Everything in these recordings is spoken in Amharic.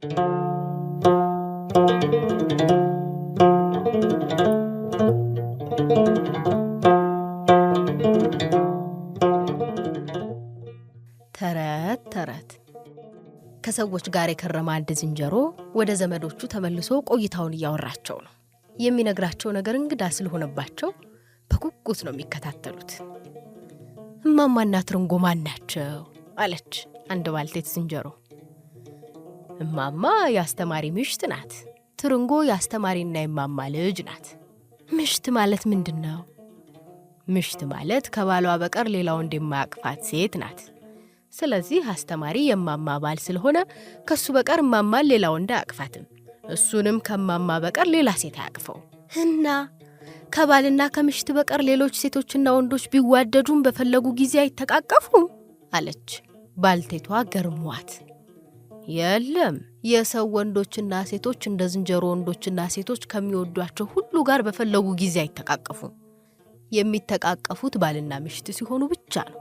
ተረት ተረት ከሰዎች ጋር የከረመ አንድ ዝንጀሮ ወደ ዘመዶቹ ተመልሶ ቆይታውን እያወራቸው ነው። የሚነግራቸው ነገር እንግዳ ስለሆነባቸው በጉጉት ነው የሚከታተሉት። እማማና ትርንጎ ማን ናቸው? አለች አንድ ባልቴት ዝንጀሮ። እማማ የአስተማሪ ምሽት ናት። ትርንጎ የአስተማሪና የማማ ልጅ ናት። ምሽት ማለት ምንድን ነው? ምሽት ማለት ከባሏ በቀር ሌላ ወንድ የማያቅፋት ሴት ናት። ስለዚህ አስተማሪ የማማ ባል ስለሆነ ከሱ በቀር እማማን ሌላ ወንድ አያቅፋትም። እሱንም ከማማ በቀር ሌላ ሴት አያቅፈው እና ከባልና ከምሽት በቀር ሌሎች ሴቶችና ወንዶች ቢዋደዱም በፈለጉ ጊዜ አይተቃቀፉም አለች ባልቴቷ ገርሟት። የለም የሰው ወንዶችና ሴቶች እንደ ዝንጀሮ ወንዶችና ሴቶች ከሚወዷቸው ሁሉ ጋር በፈለጉ ጊዜ አይተቃቀፉም። የሚተቃቀፉት ባልና ምሽት ሲሆኑ ብቻ ነው።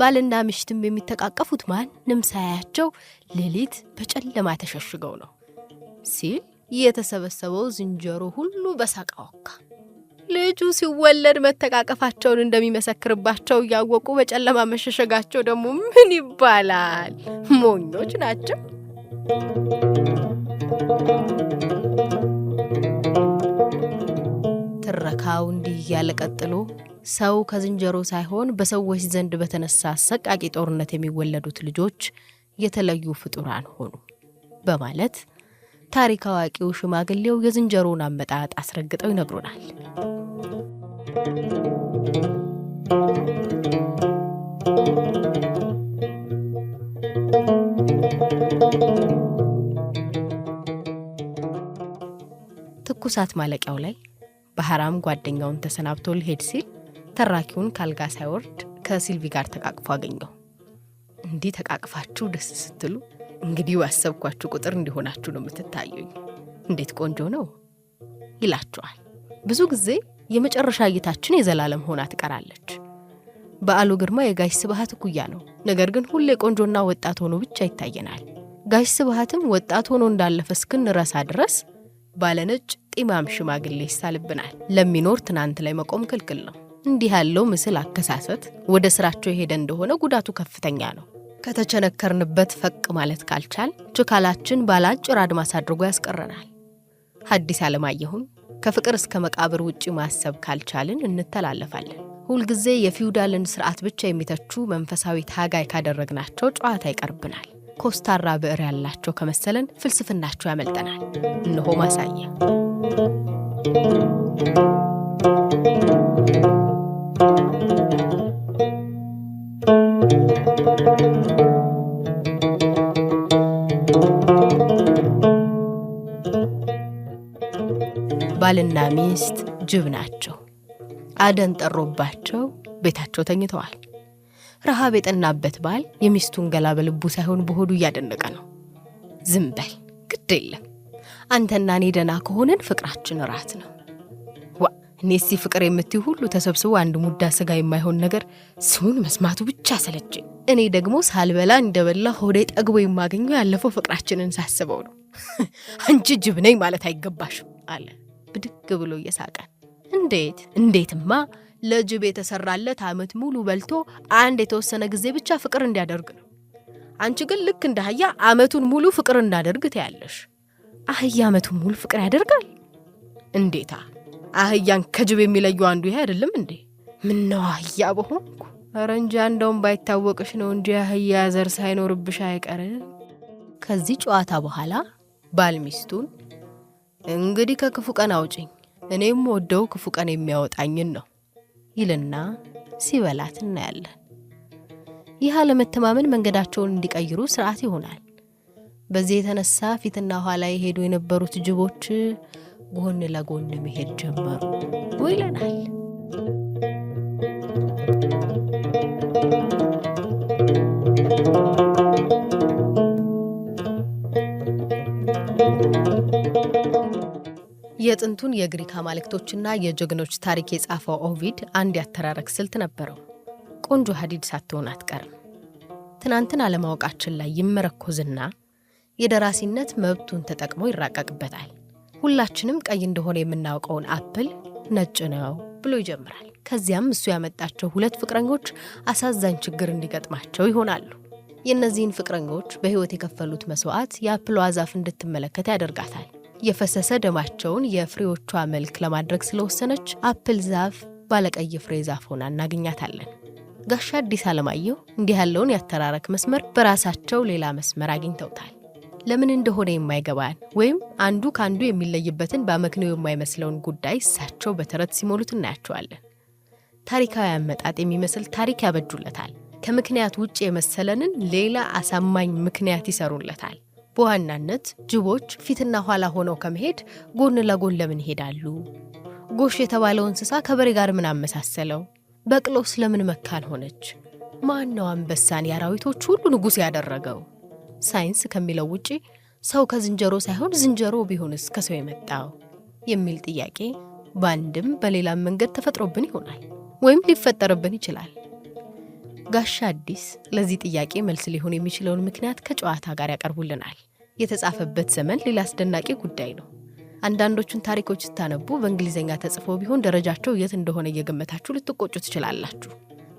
ባልና ምሽትም የሚተቃቀፉት ማንም ሳያቸው ሌሊት በጨለማ ተሸሽገው ነው ሲል የተሰበሰበው ዝንጀሮ ሁሉ በሳቅ አወካ። ልጁ ሲወለድ መተቃቀፋቸውን እንደሚመሰክርባቸው እያወቁ በጨለማ መሸሸጋቸው ደግሞ ምን ይባላል? ሞኞች ናቸው። ትረካው እንዲህ እያለ ቀጥሎ ሰው ከዝንጀሮ ሳይሆን በሰዎች ዘንድ በተነሳ አሰቃቂ ጦርነት የሚወለዱት ልጆች የተለዩ ፍጡራን ሆኑ በማለት ታሪክ አዋቂው ሽማግሌው የዝንጀሮን አመጣጥ አስረግጠው ይነግሩናል። ትኩሳት ማለቂያው ላይ ባህራም ጓደኛውን ተሰናብቶ ሊሄድ ሲል ተራኪውን ካልጋ ሳይወርድ ከሲልቪ ጋር ተቃቅፎ አገኘው። እንዲህ ተቃቅፋችሁ ደስ ስትሉ እንግዲህ ያሰብኳችሁ ቁጥር እንዲሆናችሁ ነው የምትታዩኝ፣ እንዴት ቆንጆ ነው ይላችኋል። ብዙ ጊዜ የመጨረሻ እይታችን የዘላለም ሆና ትቀራለች። በዓሉ ግርማ የጋሽ ስብሐት እኩያ ነው። ነገር ግን ሁሌ ቆንጆና ወጣት ሆኖ ብቻ ይታየናል። ጋሽ ስብሐትም ወጣት ሆኖ እንዳለፈ እስክንረሳ ድረስ ባለነጭ ጢማም ሽማግሌ ይሳልብናል። ለሚኖር ትናንት ላይ መቆም ክልክል ነው። እንዲህ ያለው ምስል አከሳሰት ወደ ስራቸው የሄደ እንደሆነ ጉዳቱ ከፍተኛ ነው። ከተቸነከርንበት ፈቅ ማለት ካልቻል ችካላችን ባለ አጭር አድማስ አድርጎ ያስቀረናል። ሐዲስ ዓለማየሁም ከፍቅር እስከ መቃብር ውጪ ማሰብ ካልቻልን እንተላለፋለን። ሁልጊዜ የፊውዳልን ስርዓት ብቻ የሚተቹ መንፈሳዊ ታጋይ ካደረግናቸው ጨዋታ ይቀርብናል። ኮስታራ ብዕር ያላቸው ከመሰለን ፍልስፍናቸው ያመልጠናል። እነሆ ማሳያ። Thank you. ባልና ሚስት ጅብ ናቸው። አደን ጠሮባቸው ቤታቸው ተኝተዋል። ረሃብ የጠናበት ባል የሚስቱን ገላ በልቡ ሳይሆን በሆዱ እያደነቀ ነው። ዝም በል ግድ የለም አንተና እኔ ደና ከሆንን ፍቅራችን እራት ነው። ዋ እኔሲ ፍቅር የምትይ ሁሉ ተሰብስቦ አንድ ሙዳ ስጋ የማይሆን ነገር ስሙን መስማቱ ብቻ ሰለች። እኔ ደግሞ ሳልበላ እንደበላ ሆዴ ጠግቦ የማገኘው ያለፈው ፍቅራችንን ሳስበው ነው። አንቺ ጅብ ነኝ ማለት አይገባሽም አለ። ብድግ ብሎ እየሳቀ እንዴት እንዴትማ ለጅብ የተሰራለት አመት ሙሉ በልቶ አንድ የተወሰነ ጊዜ ብቻ ፍቅር እንዲያደርግ ነው። አንቺ ግን ልክ እንደ አህያ አመቱን ሙሉ ፍቅር እንዳደርግ ትያለሽ። አህያ አመቱን ሙሉ ፍቅር ያደርጋል? እንዴታ አህያን ከጅብ የሚለየው አንዱ ይሄ አይደለም እንዴ? ምነው አህያ በሆንኩ። ኧረ እንጃ እንደውም ባይታወቅሽ ነው እንጂ አህያ ዘር ሳይኖርብሽ አይቀርም። ከዚህ ጨዋታ በኋላ ባልሚስቱን እንግዲህ ከክፉ ቀን አውጪኝ፣ እኔም ወደው ክፉ ቀን የሚያወጣኝን ነው ይልና ሲበላት እናያለን። ይህ አለመተማመን መንገዳቸውን እንዲቀይሩ ስርዓት ይሆናል። በዚህ የተነሳ ፊትና ኋላ የሄዱ የነበሩት ጅቦች ጎን ለጎን መሄድ ጀመሩ ይለናል። የጥንቱን የግሪክ አማልክቶችና የጀግኖች ታሪክ የጻፈው ኦቪድ አንድ ያተራረክ ስልት ነበረው። ቆንጆ ሀዲድ ሳትሆን አትቀርም። ትናንትን አለማወቃችን ላይ ይመረኮዝና የደራሲነት መብቱን ተጠቅሞ ይራቀቅበታል። ሁላችንም ቀይ እንደሆነ የምናውቀውን አፕል ነጭ ነው ብሎ ይጀምራል። ከዚያም እሱ ያመጣቸው ሁለት ፍቅረኞች አሳዛኝ ችግር እንዲገጥማቸው ይሆናሉ። የእነዚህን ፍቅረኞች በሕይወት የከፈሉት መስዋዕት የአፕል ዛፍ እንድትመለከት ያደርጋታል። የፈሰሰ ደማቸውን የፍሬዎቿ መልክ ለማድረግ ስለወሰነች አፕል ዛፍ ባለቀይ ፍሬ ዛፍ ሆና እናገኛታለን። ጋሻ አዲስ አለማየሁ እንዲህ ያለውን ያተራረክ መስመር በራሳቸው ሌላ መስመር አግኝተውታል። ለምን እንደሆነ የማይገባን ወይም አንዱ ከአንዱ የሚለይበትን በአመክንዮ የማይመስለውን ጉዳይ እሳቸው በተረት ሲሞሉት እናያቸዋለን። ታሪካዊ አመጣጥ የሚመስል ታሪክ ያበጁለታል። ከምክንያት ውጭ የመሰለንን ሌላ አሳማኝ ምክንያት ይሰሩለታል። በዋናነት ጅቦች ፊትና ኋላ ሆነው ከመሄድ ጎን ለጎን ለምን ይሄዳሉ? ጎሽ የተባለው እንስሳ ከበሬ ጋር ምን አመሳሰለው? በቅሎስ ለምን መካን ሆነች? ማን ነው አንበሳን የአራዊቶች ሁሉ ንጉሥ ያደረገው? ሳይንስ ከሚለው ውጪ ሰው ከዝንጀሮ ሳይሆን ዝንጀሮ ቢሆንስ ከሰው የመጣው የሚል ጥያቄ በአንድም በሌላም መንገድ ተፈጥሮብን ይሆናል ወይም ሊፈጠርብን ይችላል። ጋሻ አዲስ ለዚህ ጥያቄ መልስ ሊሆን የሚችለውን ምክንያት ከጨዋታ ጋር ያቀርቡልናል። የተጻፈበት ዘመን ሌላ አስደናቂ ጉዳይ ነው። አንዳንዶቹን ታሪኮች ስታነቡ በእንግሊዝኛ ተጽፎ ቢሆን ደረጃቸው የት እንደሆነ እየገመታችሁ ልትቆጩ ትችላላችሁ።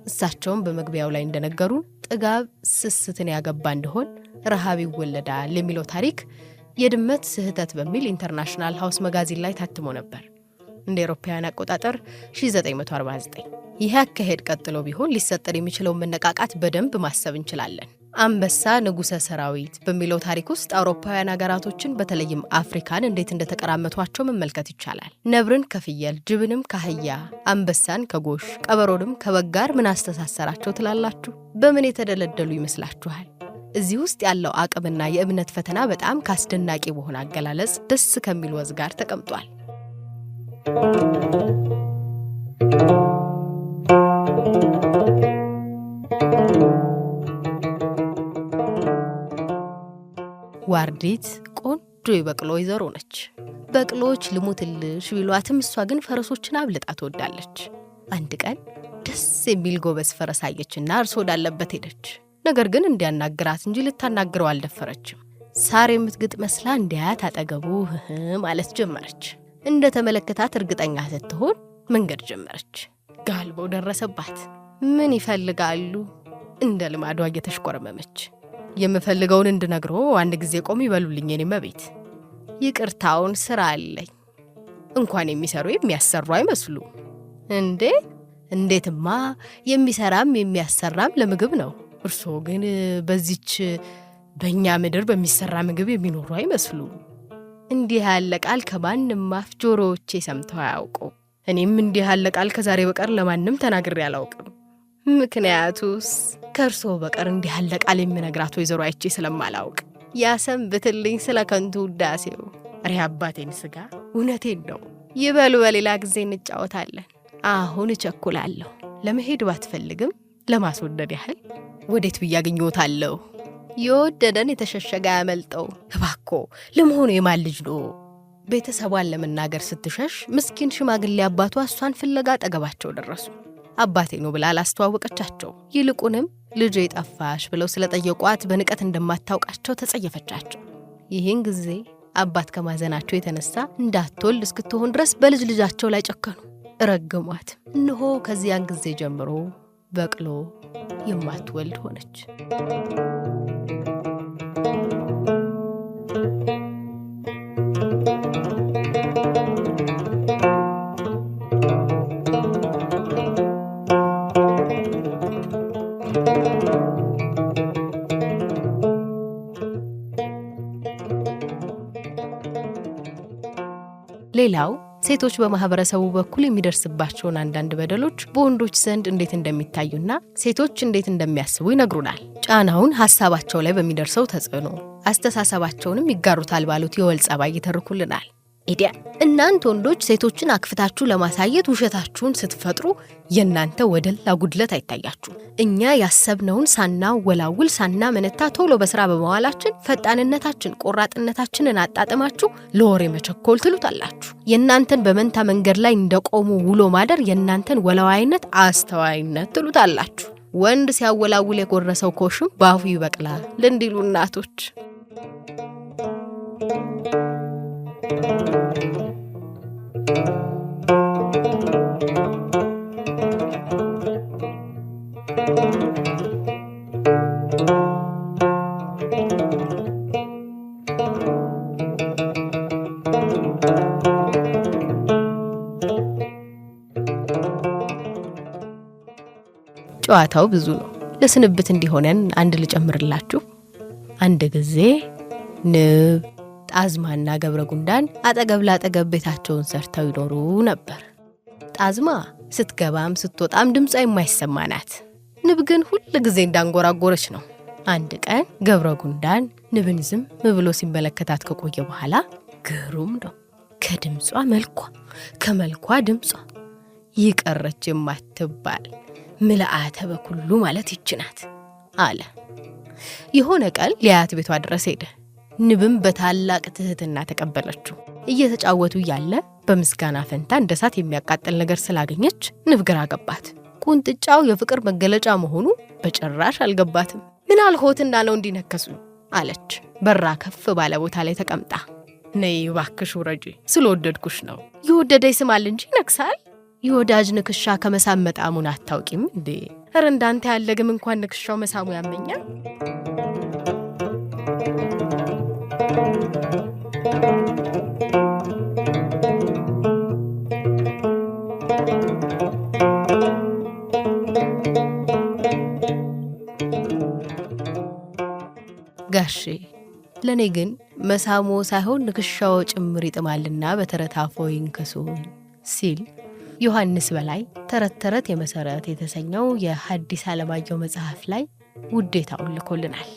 እሳቸውም በመግቢያው ላይ እንደነገሩን ጥጋብ ስስትን ያገባ እንደሆን ረሃብ ይወለዳል የሚለው ታሪክ የድመት ስህተት በሚል ኢንተርናሽናል ሀውስ መጋዚን ላይ ታትሞ ነበር እንደ አውሮፓውያን አቆጣጠር 1949 ይህ አካሄድ ቀጥሎ ቢሆን ሊሰጠን የሚችለውን መነቃቃት በደንብ ማሰብ እንችላለን። አንበሳ ንጉሠ ሰራዊት በሚለው ታሪክ ውስጥ አውሮፓውያን ሀገራቶችን በተለይም አፍሪካን እንዴት እንደተቀራመቷቸው መመልከት ይቻላል። ነብርን ከፍየል፣ ጅብንም ከአህያ፣ አንበሳን ከጎሽ፣ ቀበሮንም ከበግ ጋር ምን አስተሳሰራቸው ትላላችሁ? በምን የተደለደሉ ይመስላችኋል? እዚህ ውስጥ ያለው አቅምና የእምነት ፈተና በጣም ከአስደናቂ በሆነ አገላለጽ ደስ ከሚል ወዝ ጋር ተቀምጧል። ባርዴት ቆንጆ የበቅሎ ወይዘሮ ነች። በቅሎዎች ልሙትልሽ ቢሏትም እሷ ግን ፈረሶችን አብልጣ ትወዳለች። አንድ ቀን ደስ የሚል ጎበዝ ፈረስ አየችና እርስ ወዳለበት ሄደች። ነገር ግን እንዲያናግራት እንጂ ልታናግረው አልደፈረችም። ሳር የምትግጥ መስላ እንዲያያት አጠገቡ ህህ ማለት ጀመረች። እንደ ተመለከታት እርግጠኛ ስትሆን መንገድ ጀመረች። ጋልበው ደረሰባት። ምን ይፈልጋሉ? እንደ ልማዷ እየተሽቆረመመች። የምፈልገውን እንድነግሮ አንድ ጊዜ ቆም ይበሉልኝ። እኔ ቤት ይቅርታውን ስራ አለኝ። እንኳን የሚሰሩ የሚያሰሩ አይመስሉ እንዴ! እንዴትማ የሚሰራም የሚያሰራም ለምግብ ነው። እርስዎ ግን በዚች በእኛ ምድር በሚሰራ ምግብ የሚኖሩ አይመስሉ። እንዲህ ያለ ቃል ከማንም አፍ ጆሮዎቼ ሰምተው አያውቁ። እኔም እንዲህ ያለ ቃል ከዛሬ በቀር ለማንም ተናግሬ አላውቅም። ምክንያቱስ ከእርስዎ በቀር እንዲህ ያለ ቃል የሚነግራት ወይዘሮ አይቼ ስለማላውቅ ያሰንብትልኝ ስለ ከንቱ ውዳሴው። ሬ አባቴን ስጋ እውነቴን ነው። ይበሉ፣ በሌላ ጊዜ እንጫወታለን። አሁን እቸኩላለሁ። ለመሄድ ባትፈልግም ለማስወደድ ያህል ወዴት ብያገኘታለሁ የወደደን የተሸሸገ ያመልጠው። እባኮ ለመሆኑ የማን ልጅ ነው? ቤተሰቧን ለመናገር ስትሸሽ ምስኪን ሽማግሌ አባቷ እሷን ፍለጋ አጠገባቸው ደረሱ። አባቴ ነው ብላ አላስተዋወቀቻቸው። ይልቁንም ልጄ ጠፋሽ ብለው ስለጠየቋት በንቀት እንደማታውቃቸው ተጸየፈቻቸው። ይህን ጊዜ አባት ከማዘናቸው የተነሳ እንዳትወልድ እስክትሆን ድረስ በልጅ ልጃቸው ላይ ጨከኑ፣ ረግሟት። እነሆ ከዚያን ጊዜ ጀምሮ በቅሎ የማትወልድ ሆነች። ሌላው ሴቶች በማህበረሰቡ በኩል የሚደርስባቸውን አንዳንድ በደሎች በወንዶች ዘንድ እንዴት እንደሚታዩና ሴቶች እንዴት እንደሚያስቡ ይነግሩናል። ጫናውን ሀሳባቸው ላይ በሚደርሰው ተጽዕኖ አስተሳሰባቸውንም ይጋሩታል ባሉት የወል ጸባይ ይተርኩልናል። ኢዲያ እናንተ ወንዶች ሴቶችን አክፍታችሁ ለማሳየት ውሸታችሁን ስትፈጥሩ የእናንተ ወደላ ጉድለት አይታያችሁ። እኛ ያሰብነውን ሳናወላውል ሳናመነታ ቶሎ በስራ በመዋላችን ፈጣንነታችን፣ ቆራጥነታችንን አጣጥማችሁ ለወሬ መቸኮል ትሉታላችሁ። የእናንተን በመንታ መንገድ ላይ እንደቆሙ ውሎ ማደር የእናንተን ወላዋይነት፣ አስተዋይነት ትሉታላችሁ። ወንድ ሲያወላውል የጎረሰው ኮሽም በአፉ ይበቅላል እንዲሉ እናቶች ጨዋታው ብዙ ነው። ለስንብት እንዲሆነን አንድ ልጨምርላችሁ። አንድ ጊዜ ንብ ጣዝማና ገብረ ጉንዳን አጠገብ ላጠገብ ቤታቸውን ሰርተው ይኖሩ ነበር። ጣዝማ ስትገባም ስትወጣም ድምፃ የማይሰማ ናት። ንብ ግን ሁል ጊዜ እንዳንጎራጎረች ነው። አንድ ቀን ገብረ ጉንዳን ንብን ዝም ብሎ ሲመለከታት ከቆየ በኋላ ግሩም ነው ከድምጿ መልኳ፣ ከመልኳ ድምጿ ይቀረች የማትባል ምልአተ በኩሉ ማለት ይችናት አለ። የሆነ ቀን ሊያያት ቤቷ ድረስ ሄደ። ንብም በታላቅ ትህትና ተቀበለችው። እየተጫወቱ ያለ በምስጋና ፈንታ እንደ እሳት የሚያቃጥል ነገር ስላገኘች ንብ ግራ ገባት። ቁንጥጫው የፍቅር መገለጫ መሆኑ በጭራሽ አልገባትም። ምን አልሆት እንዳለው እንዲነከሱ አለች። በራ ከፍ ባለ ቦታ ላይ ተቀምጣ ነይ ባክሽ ውረጂ፣ ስለወደድኩሽ ነው። የወደደ ይስማል እንጂ ይነክሳል። የወዳጅ ንክሻ ከመሳም መጣሙን አታውቂም እንዴ? ኧረ እንዳንተ ያለ ግም እንኳን ንክሻው መሳሙ ያመኛል። ጋሼ ለእኔ ግን መሳሞ ሳይሆን ንክሻዎ ጭምር ይጥማልና በተረታፎ ይንከሱ ሲል ዮሐንስ በላይ ተረት ተረት የመሰረት የተሰኘው የሐዲስ አለማየሁ መጽሐፍ ላይ ውዴታውን ልኮልናል።